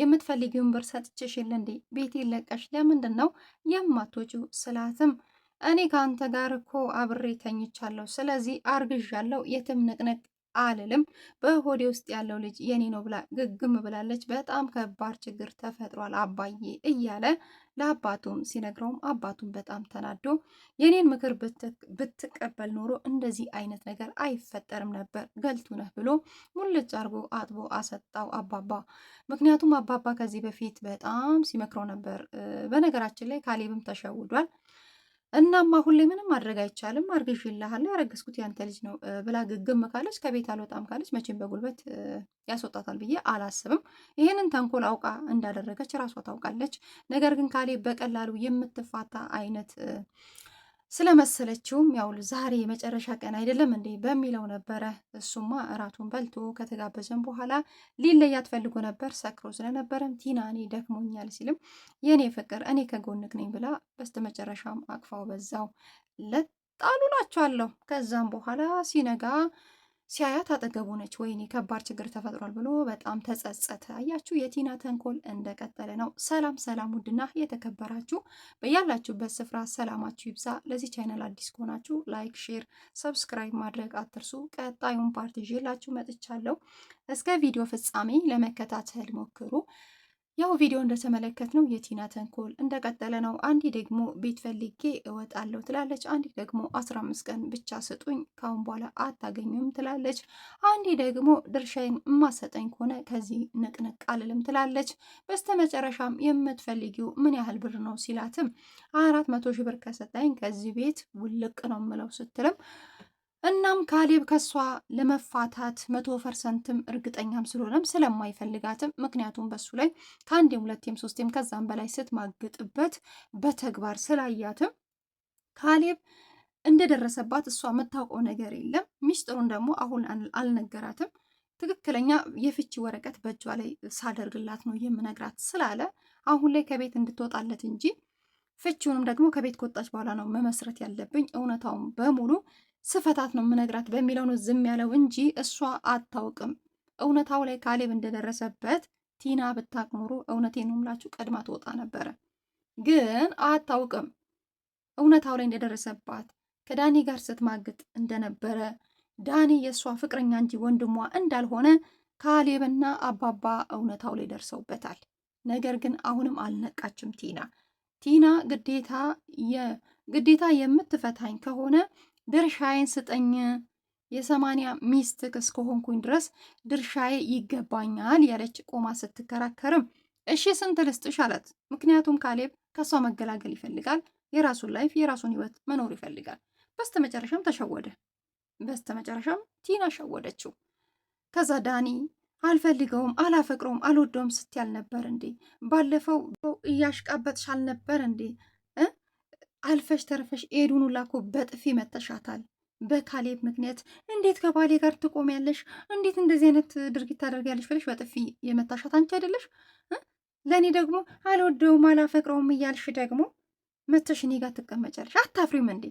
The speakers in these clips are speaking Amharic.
የምትፈልጊውን ብር ሰጥችሽ የለ እንዴ? ቤቴን ለቀሽ ለምንድን ነው የማትወጪው? ስላትም እኔ ከአንተ ጋር እኮ አብሬ ተኝቻለሁ። ስለዚህ አርግዣለሁ። የትም ንቅንቅ አልልም። በሆዴ ውስጥ ያለው ልጅ የኔ ነው ብላ ግግም ብላለች። በጣም ከባድ ችግር ተፈጥሯል አባዬ እያለ ለአባቱም ሲነግረውም አባቱም በጣም ተናዶ የኔን ምክር ብትቀበል ኖሮ እንደዚህ አይነት ነገር አይፈጠርም ነበር፣ ገልቱ ነህ ብሎ ሙልጭ አርጎ አጥቦ አሰጣው አባባ። ምክንያቱም አባባ ከዚህ በፊት በጣም ሲመክረው ነበር። በነገራችን ላይ ካሌብም ተሸውዷል። እናም አሁን ላይ ምንም ማድረግ አይቻልም፣ አርግዤልሃለሁ፣ ያረገዝኩት ያንተ ልጅ ነው ብላ ግግም ካለች፣ ከቤት አልወጣም ካለች፣ መቼም በጉልበት ያስወጣታል ብዬ አላስብም። ይህንን ተንኮል አውቃ እንዳደረገች ራሷ ታውቃለች። ነገር ግን ካሌ በቀላሉ የምትፋታ አይነት ስለመሰለችውም ያው ዛሬ የመጨረሻ ቀን አይደለም እንዴ በሚለው ነበረ። እሱማ እራቱን በልቶ ከተጋበዘም በኋላ ሊለያት ፈልጎ ነበር። ሰክሮ ስለነበረም ቲና እኔ ደክሞኛል ሲልም የእኔ ፍቅር እኔ ከጎንክ ነኝ ብላ በስተመጨረሻም አቅፋው በዛው ለጣሉ ናቸዋለሁ። ከዛም በኋላ ሲነጋ ሲያያት አጠገቡ ነች። ወይኔ ከባድ ችግር ተፈጥሯል ብሎ በጣም ተጸጸተ። አያችሁ የቲና ተንኮል እንደቀጠለ ነው። ሰላም ሰላም! ውድና የተከበራችሁ በያላችሁበት ስፍራ ሰላማችሁ ይብዛ። ለዚህ ቻይናል አዲስ ከሆናችሁ ላይክ፣ ሼር፣ ሰብስክራይብ ማድረግ አትርሱ። ቀጣዩን ፓርት ይዤላችሁ መጥቻለሁ። እስከ ቪዲዮ ፍጻሜ ለመከታተል ሞክሩ። ያው ቪዲዮ እንደተመለከት ነው የቲና ተንኮል እንደቀጠለ ነው። አንዲ ደግሞ ቤት ፈልጌ እወጣለሁ ትላለች። አንዲ ደግሞ አስራ አምስት ቀን ብቻ ስጡኝ ካሁን በኋላ አታገኙም ትላለች። አንዲ ደግሞ ድርሻዬን የማሰጠኝ ከሆነ ከዚህ ንቅንቅ አልልም ትላለች። በስተመጨረሻም የምትፈልጊው ምን ያህል ብር ነው ሲላትም አራት መቶ ሺህ ብር ከሰጠኝ ከዚህ ቤት ውልቅ ነው ምለው ስትልም እናም ካሌብ ከሷ ለመፋታት መቶ ፐርሰንትም እርግጠኛም ስለሆነም ስለማይፈልጋትም ምክንያቱም በሱ ላይ ከአንዴም ሁለቴም ሶስቴም ከዛም በላይ ስትማግጥበት በተግባር ስላያትም ካሌብ እንደደረሰባት እሷ የምታውቀው ነገር የለም። ሚስጥሩን ደግሞ አሁን አልነገራትም። ትክክለኛ የፍቺ ወረቀት በእጇ ላይ ሳደርግላት ነው የምነግራት ስላለ አሁን ላይ ከቤት እንድትወጣለት እንጂ ፍቺውንም ደግሞ ከቤት ከወጣች በኋላ ነው መመስረት ያለብኝ እውነታውን በሙሉ ስፈታት ነው ምነግራት በሚለው ነው ዝም ያለው እንጂ እሷ አታውቅም። እውነታው ላይ ካሌብ እንደደረሰበት ቲና ብታቅ ኖሮ እውነቴን ነው የምላችሁ ቀድማ ትወጣ ነበረ። ግን አታውቅም እውነታው ላይ እንደደረሰባት ከዳኒ ጋር ስትማግጥ እንደነበረ ዳኒ የእሷ ፍቅረኛ እንጂ ወንድሟ እንዳልሆነ ካሌብና አባባ እውነታው ላይ ደርሰውበታል። ነገር ግን አሁንም አልነቃችም ቲና ቲና ግዴታ ግዴታ የምትፈታኝ ከሆነ ድርሻዬን ስጠኝ የሰማንያ ሚስት እስከሆንኩኝ ድረስ ድርሻዬ ይገባኛል ያለች ቆማ ስትከራከርም እሺ ስንት ልስጥሽ አላት። ምክንያቱም ካሌብ ከሷ መገላገል ይፈልጋል። የራሱን ላይፍ የራሱን ህይወት መኖር ይፈልጋል። በስተመጨረሻም ተሸወደ። መጨረሻም ቲና ሸወደችው። ከዛ ዳኒ አልፈልገውም፣ አላፈቅረውም፣ አልወደውም ስትያል ነበር እንዴ? ባለፈው እያሽቃበጥሽ አልነበር እንዴ? አልፈሽ ተርፈሽ ኤዱኑ ላኩ በጥፊ መተሻታል። በካሌብ ምክንያት እንዴት ከባሌ ጋር ትቆሚያለሽ? እንዴት እንደዚህ አይነት ድርጊት ታደርጊያለሽ? ብለሽ በጥፊ የመታሻት አንቺ አይደለሽ? ለእኔ ደግሞ አልወደውም አላፈቅረውም እያልሽ ደግሞ መተሽ እኔ ጋር ትቀመጫለሽ። አታፍሪም እንዴ?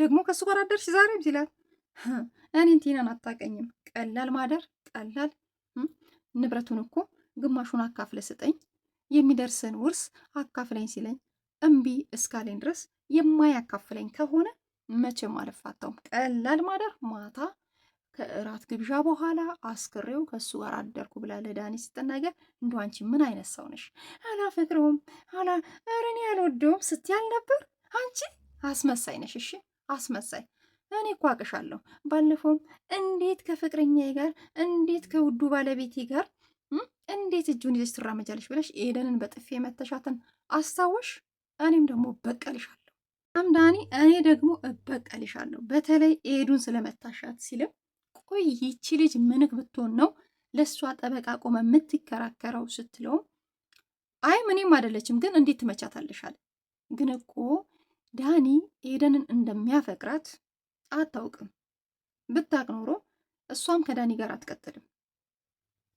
ደግሞ ከእሱ ጋር አደርሽ ዛሬም ሲላት እኔን ቲናን አታቀኝም። ቀላል ማደር ቀላል ንብረቱን እኮ ግማሹን አካፍለ ስጠኝ የሚደርስን ውርስ አካፍለኝ ሲለኝ እምቢ እስካለኝ ድረስ የማያካፍለኝ ከሆነ መቼም አልፋታውም። ቀላል ማደር ማታ ከእራት ግብዣ በኋላ አስክሬው ከእሱ ጋር አደርኩ ብላ ለዳኒ ስትናገር እንደ አንቺ ምን አይነት ሰው ነሽ? አላፈቅረውም አላ እኔ አልወደውም ስትያል ነበር። አንቺ አስመሳይ ነሽ። እሺ አስመሳይ። እኔ እኮ አቅሻለሁ። ባለፈውም እንዴት ከፍቅረኛዬ ጋር እንዴት ከውዱ ባለቤቴ ጋር እንዴት እጁን ይዘሽ ትራመጃለሽ ብለሽ ኤደንን በጥፌ መተሻትን አስታወሽ። እኔም ደግሞ በቀልሻል ሀምዳኒ እኔ ደግሞ እበቀልሻለሁ በተለይ ኤዱን ስለመታሻት ሲልም ቆይ ይቺ ልጅ ምንክ ብትሆን ነው ለእሷ ጠበቃ ቆመ የምትከራከረው ስትለውም አይ ምንም አይደለችም ግን እንዴት ትመቻታለሻል ግን እኮ ዳኒ ኤደንን እንደሚያፈቅራት አታውቅም ብታቅ ኖሮ እሷም ከዳኒ ጋር አትቀጥልም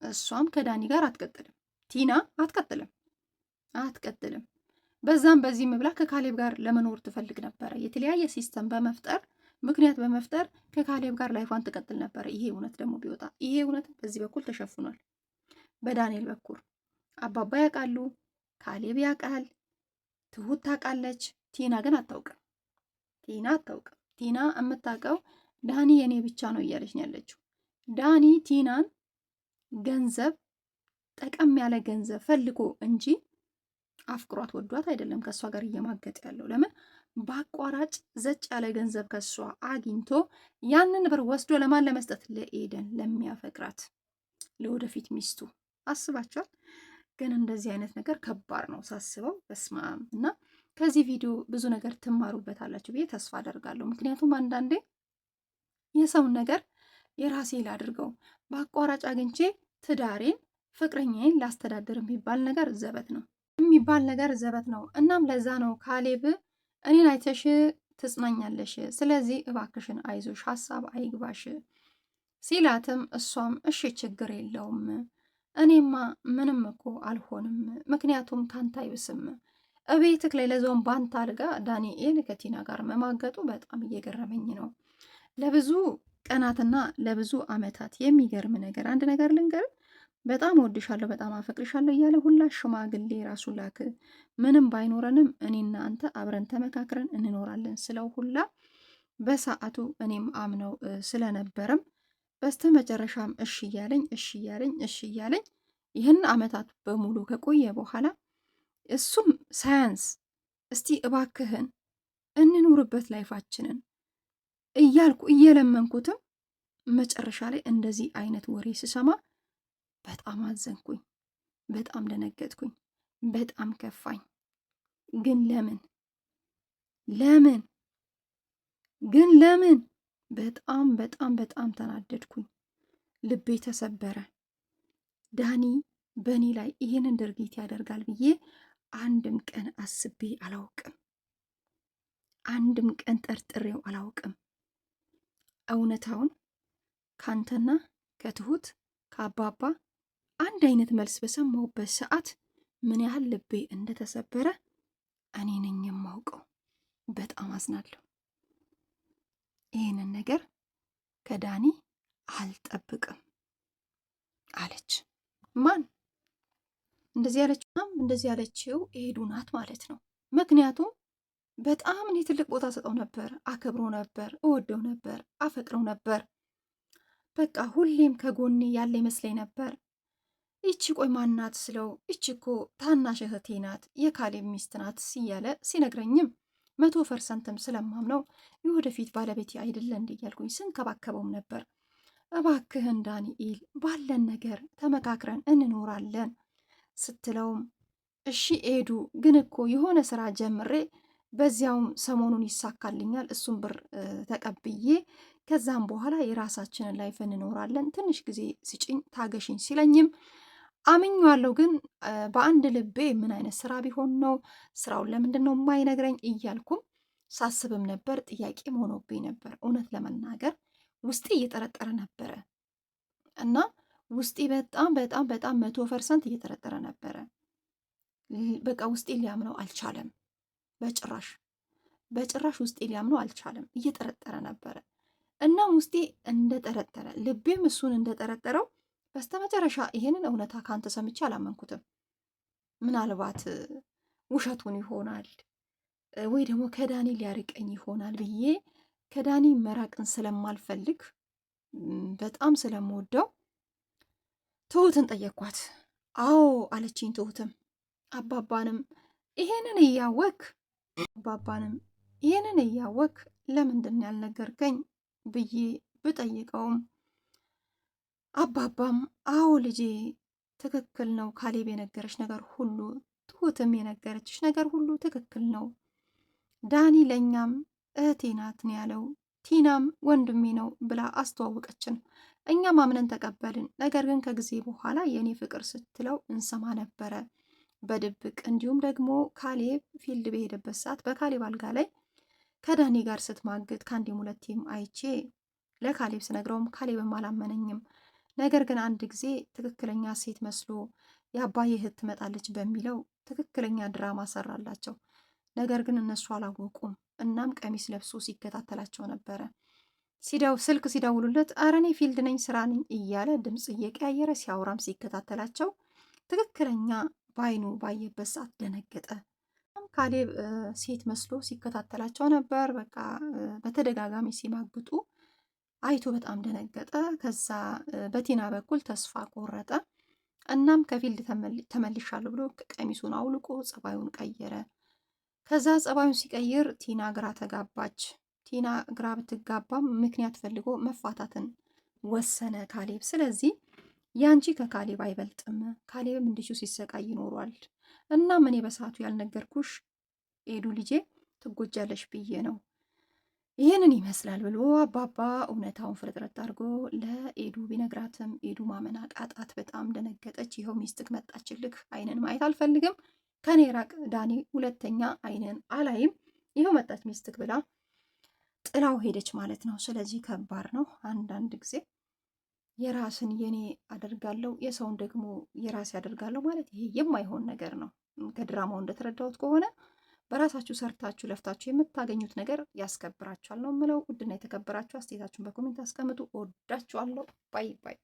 እሷም ከዳኒ ጋር አትቀጥልም ቲና አትቀጥልም አትቀጥልም በዛም በዚህም ብላ ከካሌብ ጋር ለመኖር ትፈልግ ነበረ። የተለያየ ሲስተም በመፍጠር ምክንያት በመፍጠር ከካሌብ ጋር ላይፏን ትቀጥል ነበረ። ይሄ እውነት ደግሞ ቢወጣ ይሄ እውነት በዚህ በኩል ተሸፍኗል። በዳንኤል በኩል አባባ ያውቃሉ፣ ካሌብ ያውቃል፣ ትሁት ታውቃለች። ቲና ግን አታውቅም። ቲና አታውቅም። ቲና የምታውቀው ዳኒ የኔ ብቻ ነው እያለች ነው ያለችው። ዳኒ ቲናን ገንዘብ ጠቀም ያለ ገንዘብ ፈልጎ እንጂ አፍቅሯት ወዷት አይደለም ከእሷ ጋር እየማገጥ ያለው ለምን በአቋራጭ ዘጭ ያለ ገንዘብ ከእሷ አግኝቶ ያንን ብር ወስዶ ለማን ለመስጠት ለኤደን ለሚያፈቅራት ለወደፊት ሚስቱ አስባቸዋል ግን እንደዚህ አይነት ነገር ከባድ ነው ሳስበው በስማም እና ከዚህ ቪዲዮ ብዙ ነገር ትማሩበታላችሁ ብዬ ተስፋ አደርጋለሁ ምክንያቱም አንዳንዴ የሰውን ነገር የራሴ ላድርገው በአቋራጭ አግኝቼ ትዳሬን ፍቅረኛዬን ላስተዳድር የሚባል ነገር ዘበት ነው የሚባል ነገር ዘበት ነው። እናም ለዛ ነው ካሌብ እኔን አይተሽ ትጽናኛለሽ፣ ስለዚህ እባክሽን አይዞሽ፣ ሀሳብ አይግባሽ ሲላትም እሷም እሺ ችግር የለውም እኔማ ምንም እኮ አልሆንም፣ ምክንያቱም ካንተ አይብስም። እቤትክ ላይ ለዞን ባንታ አድጋ ዳንኤል ከቲና ጋር መማገጡ በጣም እየገረመኝ ነው። ለብዙ ቀናትና ለብዙ ዓመታት የሚገርም ነገር አንድ ነገር ልንገርም በጣም ወድሻለሁ፣ በጣም አፈቅርሻለሁ እያለ ሁላ ሽማግሌ ራሱ ላክ። ምንም ባይኖረንም እኔና አንተ አብረን ተመካክረን እንኖራለን ስለው ሁላ በሰዓቱ እኔም አምነው ስለነበረም በስተመጨረሻም እሺ እያለኝ እሺ እያለኝ እሺ እያለኝ ይህን አመታት በሙሉ ከቆየ በኋላ እሱም ሳያንስ እስቲ እባክህን እንኑርበት ላይፋችንን እያልኩ እየለመንኩትም መጨረሻ ላይ እንደዚህ አይነት ወሬ ስሰማ በጣም አዘንኩኝ፣ በጣም ደነገጥኩኝ፣ በጣም ከፋኝ። ግን ለምን ለምን ግን ለምን? በጣም በጣም በጣም ተናደድኩኝ። ልቤ ተሰበረ። ዳኒ በእኔ ላይ ይህንን ድርጊት ያደርጋል ብዬ አንድም ቀን አስቤ አላውቅም። አንድም ቀን ጠርጥሬው አላውቅም። እውነታውን ካንተና ከትሁት ከአባባ አንድ አይነት መልስ በሰማሁበት ሰዓት ምን ያህል ልቤ እንደተሰበረ እኔ ነኝ የማውቀው። በጣም አዝናለሁ። ይህንን ነገር ከዳኒ አልጠብቅም አለች። ማን እንደዚህ ያለችውም እንደዚህ ያለችው የሄዱ ናት ማለት ነው። ምክንያቱም በጣም እኔ ትልቅ ቦታ ሰጠው ነበር፣ አከብሮ ነበር፣ እወደው ነበር፣ አፈቅረው ነበር። በቃ ሁሌም ከጎኔ ያለ ይመስለኝ ነበር ይቺ ቆይ ማናት ስለው ይቺ እኮ ታናሽ እህቴ ናት የካሌብ ሚስት ናት እያለ ሲነግረኝም መቶ ፐርሰንትም ስለማምነው የወደፊት ባለቤቴ አይደለ እንዴ እያልኩኝ ስንከባከበውም ነበር። እባክህን ዳንኤል ባለን ነገር ተመካክረን እንኖራለን ስትለውም እሺ ኤዱ፣ ግን እኮ የሆነ ስራ ጀምሬ በዚያውም ሰሞኑን ይሳካልኛል እሱም ብር ተቀብዬ ከዛም በኋላ የራሳችንን ላይፍ እንኖራለን፣ ትንሽ ጊዜ ስጭኝ ታገሽኝ ሲለኝም አምኜዋለሁ ግን በአንድ ልቤ ምን አይነት ስራ ቢሆን ነው ስራውን ለምንድን ነው የማይነግረኝ እያልኩም ሳስብም ነበር። ጥያቄም ሆኖብኝ ነበር። እውነት ለመናገር ውስጤ እየጠረጠረ ነበረ እና ውስጤ በጣም በጣም በጣም መቶ ፐርሰንት እየጠረጠረ ነበረ። በቃ ውስጤ ሊያምነው አልቻለም። በጭራሽ በጭራሽ ውስጤ ሊያምነው አልቻለም። እየጠረጠረ ነበረ። እና ውስጤ እንደጠረጠረ ልቤም እሱን እንደጠረጠረው በስተመጨረሻ ይህንን እውነታ ከአንተ ሰምቼ አላመንኩትም። ምናልባት ውሸቱን ይሆናል ወይ ደግሞ ከዳኒ ሊያርቀኝ ይሆናል ብዬ ከዳኒ መራቅን ስለማልፈልግ በጣም ስለምወደው ትሁትን ጠየኳት። አዎ አለችኝ። ትሁትም አባባንም ይሄንን እያወክ አባባንም ይሄንን እያወክ ለምንድን ያልነገርከኝ ብዬ ብጠይቀውም አባባም አዎ ልጄ ትክክል ነው፣ ካሌብ የነገረች ነገር ሁሉ ትሁትም የነገረችሽ ነገር ሁሉ ትክክል ነው። ዳኒ ለእኛም እህቴ ናት ነው ያለው። ቲናም ወንድሜ ነው ብላ አስተዋወቀችን። እኛም አምነን ተቀበልን። ነገር ግን ከጊዜ በኋላ የእኔ ፍቅር ስትለው እንሰማ ነበረ በድብቅ እንዲሁም ደግሞ ካሌብ ፊልድ በሄደበት ሰዓት በካሌብ አልጋ ላይ ከዳኒ ጋር ስትማግጥ ከአንዴም ሁለቴም አይቼ ለካሌብ ስነግረውም ካሌብም አላመነኝም። ነገር ግን አንድ ጊዜ ትክክለኛ ሴት መስሎ የአባይ እህት ትመጣለች በሚለው ትክክለኛ ድራማ ሰራላቸው። ነገር ግን እነሱ አላወቁም። እናም ቀሚስ ለብሶ ሲከታተላቸው ነበረ። ሲደው ስልክ ሲደውሉለት ኧረ እኔ ፊልድ ነኝ ስራ ነኝ እያለ ድምፅ እየቀያየረ ሲያወራም ሲከታተላቸው ትክክለኛ በአይኑ ባየበት ሰዓት ደነገጠ። ካሌብ ሴት መስሎ ሲከታተላቸው ነበር። በቃ በተደጋጋሚ ሲማግጡ አይቶ በጣም ደነገጠ። ከዛ በቲና በኩል ተስፋ ቆረጠ። እናም ከፊልድ ተመልሻለሁ ብሎ ቀሚሱን አውልቆ ጸባዩን ቀየረ። ከዛ ጸባዩን ሲቀይር ቲና ግራ ተጋባች። ቲና ግራ ብትጋባም ምክንያት ፈልጎ መፋታትን ወሰነ ካሌብ። ስለዚህ ያንቺ ከካሌብ አይበልጥም፣ ካሌብም እንዲሁ ሲሰቃይ ይኖሯል። እናም እኔ በሰዓቱ ያልነገርኩሽ ኤዱ ልጄ ትጎጃለሽ ብዬ ነው ይህንን ይመስላል ብሎ አባባ እውነታውን ፍርጥርጥ አድርጎ ለኤዱ ቢነግራትም ኤዱ ማመን አቃጣት። በጣም ደነገጠች። ይኸው ሚስትክ መጣችልክ። አይንን ማየት አልፈልግም፣ ከኔ ራቅ ዳኒ፣ ሁለተኛ አይንን አላይም፣ ይኸው መጣች ሚስትክ ብላ ጥላው ሄደች ማለት ነው። ስለዚህ ከባድ ነው። አንዳንድ ጊዜ የራስን የኔ አደርጋለሁ የሰውን ደግሞ የራሴ አደርጋለሁ ማለት ይሄ የማይሆን ነገር ነው። ከድራማው እንደተረዳሁት ከሆነ በራሳችሁ ሰርታችሁ ለፍታችሁ የምታገኙት ነገር ያስከብራችኋል ነው ምለው። ውድና የተከበራችሁ አስተያየታችሁን በኮሜንት አስቀምጡ። እወዳችኋለሁ። ባይ ባይ።